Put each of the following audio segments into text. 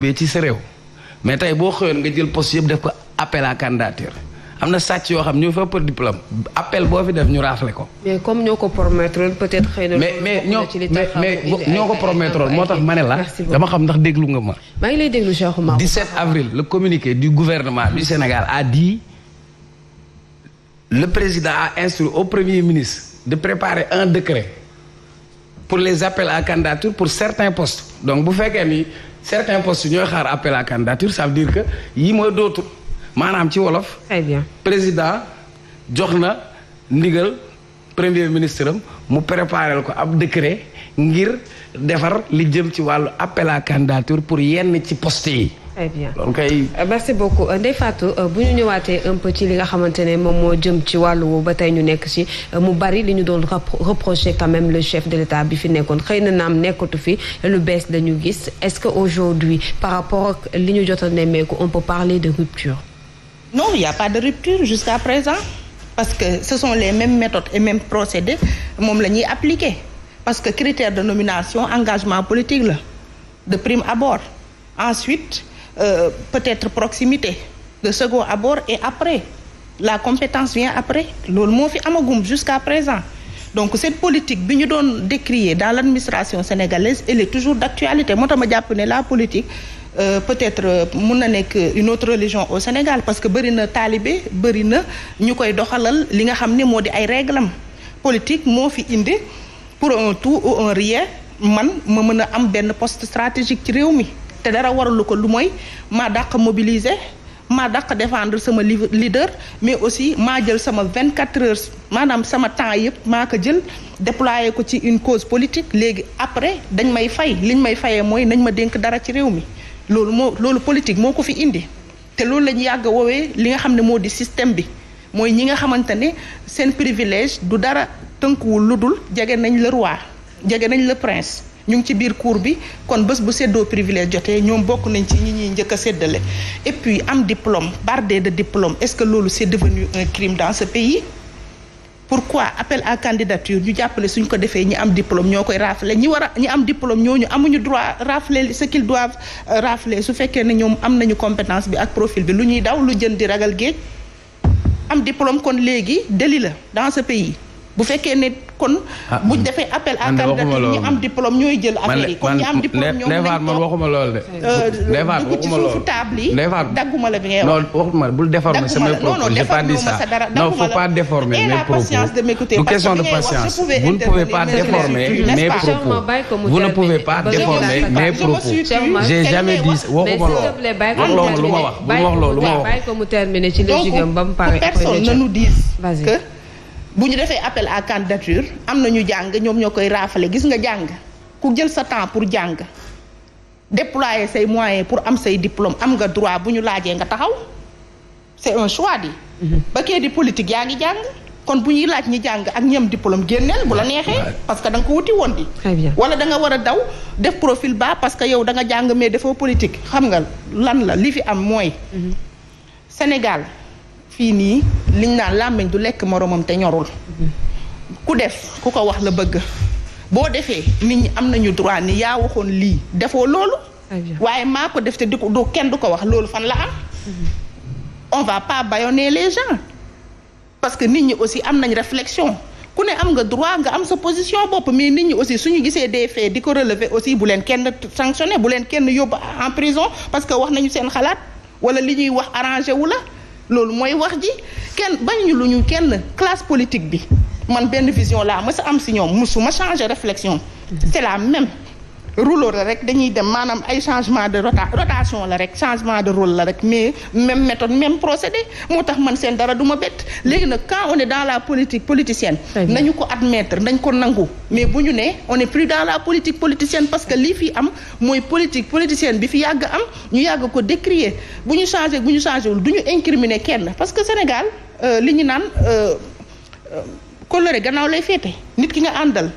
bee ci sa réew mais tey boo xëyoon nga jël poste yëpp def ko appel à candidature am na sàcc yoo xam ñu fa për diplôme appel boo fi def ñu raaxle ko. mais comme ñoo ko promettre peut-être xëy na. mais mais ñoo mais ñoo ko promettre moo tax ma ne la dama xam ndax déglu nga ma. maa ngi lay déglu Cheikh Oumar. 17 avril le communiqué du gouvernement du Sénégal a dit le président à instruit au premier ministre de préparer un décret pour les appels à candidature pour certains post donc bu fekkee ni. certains postes ñooy xaar appel à candidature ça dire que yii mooy dootu maanaam ci wolof. très bien président jox na ndigal premier ministre am mu préparel ko ab décret ngir defar li jëm ci wàllu appel à pour yenn ci post yi. très bien loolu kay. Euh, merci beaucoup euh, Ndeye Fatou euh, bu ñu ñëwaatee un ci li nga xamante ne moom moo jëm ci wàllu woowu ba tey ñu nekk ci mu bari li ñu doon reprocher quand même le chef de l'État bi fi nekkoon xëy na naam nekkatu fi lu bees dañu gis est-ce que aujourd'hui par rapport ak li ñu jot a nemmeeku on peut parler de rupture. non il y a pas de rupture jusqu'à présent parce que ce sont les mêmes méthodes et mêmes procédés moom la ñuy appliquer parce que critère de nomination engagement politique la euh, peut-être proximité de second abord et après la compétence vient après loolu moo fi amagum jusqu'à présent donc cette politique bi ñu doon décrier dans l'administration sénégalaise elle est toujours d'actualité moo tax ma jàpp ne la politique Euh, peut-être euh, mun na nekk une autre religion au Sénégal parce que bëri na taalibe bëri na ñu koy doxalal li nga xam ne moo di ay réglam politique moo fi indi pour un tout ou un rien man ma mën a am benn poste stratégique ci réew mi dara waralu ko lu mooy ma dàq mobiliser maa dàq défendre sama leader mais aussi maa jël sama 24 heures maanaam sama temps yëpp maa ko jël déployé ko ci une cause politique léegi après dañ may fay liñ may fayee mooy nañ ma dénk dara ci réew mi loolu moo loolu politique moo ko fi indi te loolu lañ yàgg woowee li nga xam ne moo di système bi mooy ñi nga xamante ne seen privilège du dara tënkuwul lu dul jege nañ le roi jege nañ le prince ñu ngi ci biir cour bi kon bés bu seddoo privilège jotee ñoom bokk nañ ci ñi ñuy njëkk a séddale et puis am diplôme bardé de diplôme est-ce que loolu c'est devenu un crime dans ce pays pourquoi appel à candidature ñu jàppale suñ ko defee ñi am diplôme ñoo koy rafle ñi war a ñi am diplôme ñooñu amuñu droit rafle ce qu'ils doivent euh, rafle su fekkee ne ñoom am nañu compétence bi ak profil bi lu ñuy daw lu jën di ragal géej am diplôme kon léegi délit la dans ce pays bu fekkee ne kon. Ah. buñ defee appel à candidature ñi ma diplôme ñooy jël affaire yi. kon ñi am diplôme de. Euh, dugg ci suufu table yi. dagguma la bi ngay wax. non bul déformer samay propos propos du question de patience vous ne pouvez pas déformer mes propos vous ne pouvez pas déformer mes propos j'ai jamais dit waxuma lool waxuma bu ma wax loolu lu ma wax. bu ñu defee appel à candidature am na ñu jàng ñoom ñoo koy raafale gis nga jàng ku jël sa temps pour jàng déployer say moyen pour am say diplôme am nga droit bu ñu laajee nga taxaw c'est un choix di mhm. ba kee di politique yaa ngi jàng kon bu ñuy laaj ñi jàng ak ñam diplôme génneel bu la neexee parce que da nga ko wuti woon di wala danga war a daw def profil bas parce que yow danga jàng mais defoo politique xam nga lan la li fi am mooy mhm. Sénégal fii nii liñ naan làmmiñ du lekk moroomam te ñorul ku def ku ko wax la bëgg boo defee nit ñi am nañu droit ni yaa waxoon lii defoo loolu waaye maa ko def te di ko du kenn du ko wax loolu fan la am on va pas bâillonner les gens parce que nit ñi aussi am nañu réflexion ku ne am nga droit nga am sa position bopp mais nit ñi aussi ñu gisee des faits di ko relever aussi bu leen kenn sanctionné bu leen kenn yóbbu en prison parce que wax nañu seen xalaat wala li ñuy wax arrangé wu la loolu mooy wax ji kenn bañ lu ñu kenn classe politique bi man benn vision laa mës a am si ñoom musuma changer réflexion c'est la même rouleau la rek dañuy dem maanaam ay changement de rota rotation la rek changement de rôle la rek mais même méthode même procédé moo tax man seen dara duma ma bett léegi nag quand on est la politique politicienne nañu ko admettre nañ ko nangu mais bu ñu ne on est plus dans la politique politicienne parce que lii fi am mooy politique politicienne bi fi yàgg am ñu yàgg ko décrier bu ñu changé bu ñu changé wul du ñu incriminer kenn parce que Sénégal euh, li ñu naan euh, euh, coloré gannaaw lay féete nit ki nga àndal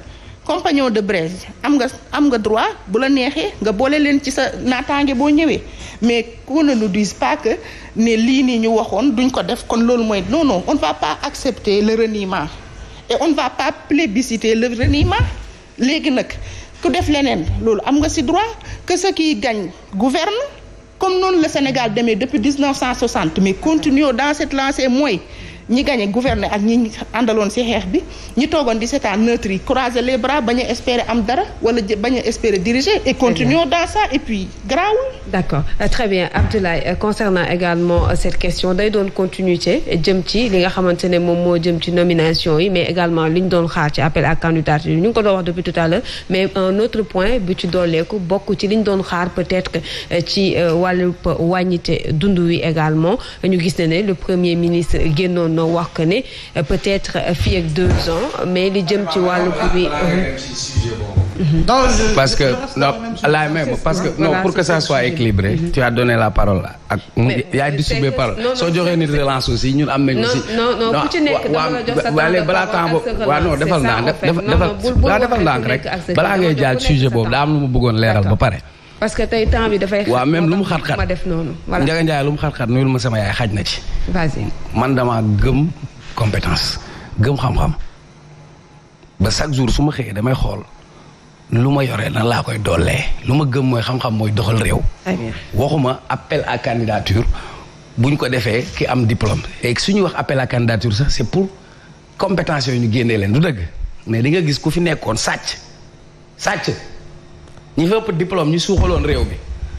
compagnon de braise am nga am nga droit bu la neexee nga boole leen ci sa naataange boo ñëwee mais qu'on ne nous dise pas que ne lii nii ñu waxoon duñ ko def kon loolu mooy non on ne va pas accepter le reniment et on ne va pas plébisciter le reniement léegi nag ku def leneen loolu am nga ci droit que ceux qui gagnent gouvernent comme noonu la Sénégal demee depuis 1960 mais continuons dans cette lancée mooy ñi gagné gouverner ak ñi àndaloon ci xeex bi ñi toogoon di seetaan neutre yi croiser les bras bañ a am dara wala bañ a espérer diriger et continuons dans ça et puis garaawul d'accord euh, très bien Abdoulaye euh, concernant également euh, cette question day doon continuité jëm ci li nga xamante ne moom moo jëm ci nomination yi mais également li ñu doon xaar ci appel à candidature ñu ngi ko doon wax depuis tout à l'heure mais un autre point bu ci dooleeku bokk ci li ñu doon xaar peut-être ci wàllub wàññite dund wi également ñu gis ne ne le premier ministre a wax que ne euh, peut-être euh, fii ak deux ans mais li jëm ci wàllu bi. Euh, mhm. parce que non laay même parce que non pour que ça soit équilibré. tu as donné la parole ak. yaay distribué parole soo joxee nit relance aussi ñun am nañu. aussi non non ku ci nekk dama la defal ndànk defal ndànk rek balaa ngay jaar sujet boobu daa am lu mu bëggoon leeral ba pare. parce que tey temps bi dafay. waaw même lu mu xat-xat ma def noonu. voilà Ndiaga Ndiaye lu mu xat-xat nuyul ma sama yaay xaj na ci. vas-y man dama gëm compétence gëm xam-xam ba chaque jour su ma xëyee damay xool lu ma yoree nan laa koy doolee lu ma gëm mooy xam-xam mooy doxal réew. waxuma appel à candidature buñ ko defee ki am diplôme. et suñu wax appel à candidature sax c'est pour compétence yooyu ñu génnee leen du dëgg mais li nga gis ku fi nekkoon sàcc sàcc. ñi fa ëpp diplôme ñu suuxaloon réew mi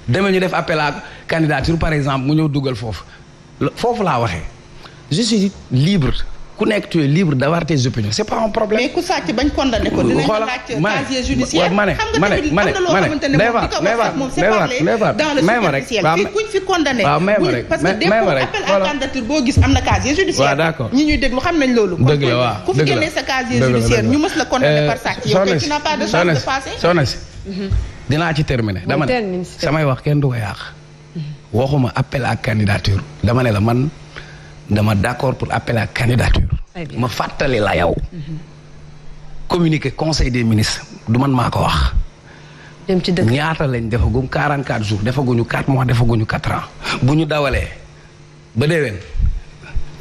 demee ñu def appel à candidature par exemple mu ñëw dugal foofu foofu laa waxee je suis libre ku nekk tu es libre d'avoir tes opinions c'est pas un problème. mais ku sàcc bañ condamné ko dinañ ko laaj casier judiciaire xam nga tamit am na loo xamante ne moom ko appel à candidature boo gis am na casier judiciaire ñi ñuy déglu xam nañ loolu dëgg la waaw ku fi génnee sa ñu mës la condamné eh, par sàcc yow kay tu n'as pas de chance de passer dinaa ci terminer. dama ne samay wax kenn du ko waxuma appelle à candidature. dama ne la man dama d'accord pour appel à candidature. ma fàttali la yow. communiqué conseil des ministres du man maa ko wax. dem ci dëkk ñaata lañ defagum 44 jours defaguñu 4 mois defaguñu 4 ans bu ñu dawalee ba déwén.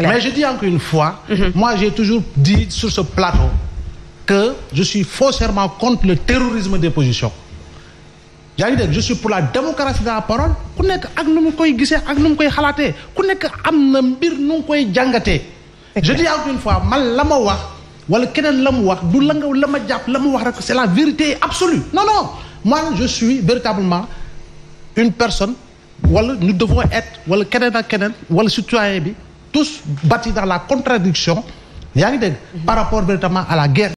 clair. Mais je dis encore une fois, mm-hmm. moi j'ai toujours dit sur ce plateau que je suis foncièrement contre le terrorisme des positions. yaa ngi dégg je suis pour la démocratie de la parole ku nekk ak nu mu koy gisee ak nu mu koy xalaatee ku nekk am na mbir nu mu koy jàngatee. je dis encore une fois man la ma wax wala keneen la mu wax du la nga la ma jàpp la ma wax rek c'est la vérité absolue non non moi je suis véritablement une personne wala nous devons être wala keneen keneen wala citoyen bi. tous bâtis dans la contradiction yaa ngi dégg par rapport véritablement à la guerre